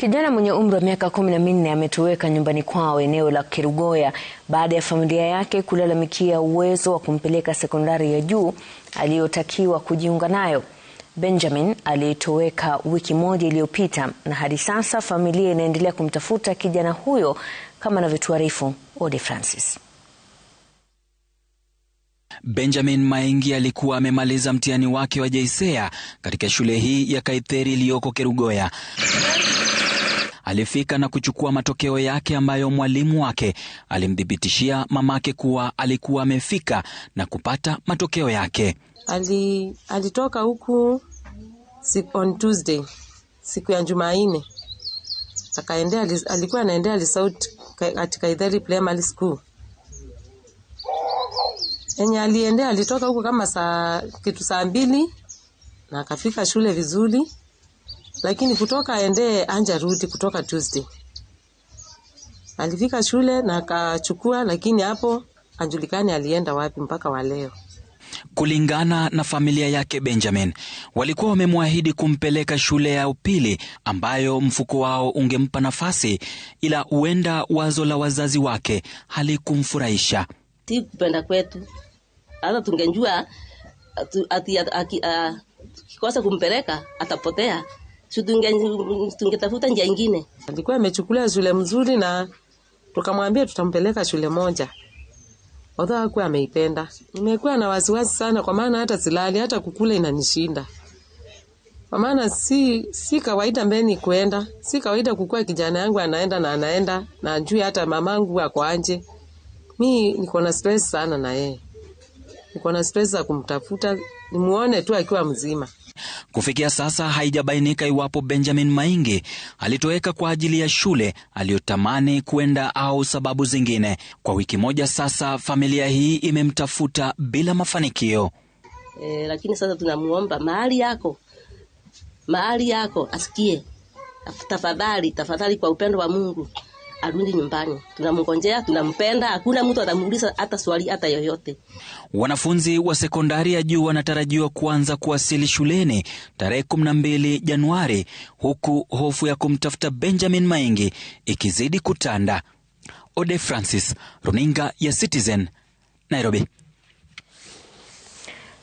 Kijana mwenye umri wa miaka kumi na minne ametoweka nyumbani kwao eneo la Kerugoya baada ya familia yake kulalamikia uwezo wa kumpeleka sekondari ya juu aliyotakiwa kujiunga nayo. Benjamin alitoweka wiki moja iliyopita na hadi sasa familia inaendelea kumtafuta kijana huyo kama anavyotuarifu Ode Francis. Benjamin Maingi alikuwa amemaliza mtihani wake wa jeisea katika shule hii ya Kaitheri iliyoko Kerugoya alifika na kuchukua matokeo yake ambayo mwalimu wake alimthibitishia mamake kuwa alikuwa amefika na kupata matokeo yake. Ali, alitoka huku on Tuesday siku ya Jumanne akaendea, alikuwa anaendea Lisauti katika Idheri Primary School enye aliendea, alitoka huku kama saa kitu saa mbili na akafika shule vizuri lakini kutoka aendee anja rudi kutoka Tuesday. Alifika shule na akachukua, lakini hapo anjulikani alienda wapi mpaka wa leo. Kulingana na familia yake Benjamin, walikuwa wamemwahidi kumpeleka shule ya upili ambayo mfuko wao ungempa nafasi, ila huenda wazo la wazazi wake halikumfurahisha. ti kupenda kwetu, hata tungejua kikosa kumpeleka atapotea tungetafuta njia ingine. Alikuwa amechukulia shule mzuri na tukamwambia tutampeleka shule moja odho hakuwa ameipenda. Nimekuwa na wasiwasi sana, kwa maana hata silali, hata kukula inanishinda, kwa maana si si kawaida mbeni kwenda, si kawaida kukua kijana yangu anaenda na anaenda na ajui hata mamangu ako anje. Mi niko na stress sana na yeye, niko na stress za kumtafuta, nimuone tu akiwa mzima. Kufikia sasa haijabainika iwapo Benjamin Maingi alitoweka kwa ajili ya shule aliyotamani kwenda au sababu zingine. Kwa wiki moja sasa, familia hii imemtafuta bila mafanikio. E, lakini sasa tunamuomba mahali yako, mahali yako asikie tafadhali, tafadhali, kwa upendo wa Mungu arudi nyumbani. Tunamngojea, tunampenda, hakuna mtu atamuuliza hata swali hata yoyote. Wanafunzi wa sekondari ya juu wanatarajiwa kuanza kuwasili shuleni tarehe 12 Januari, huku hofu ya kumtafuta Benjamin Maingi ikizidi kutanda. Ode Francis, runinga ya Citizen, Nairobi.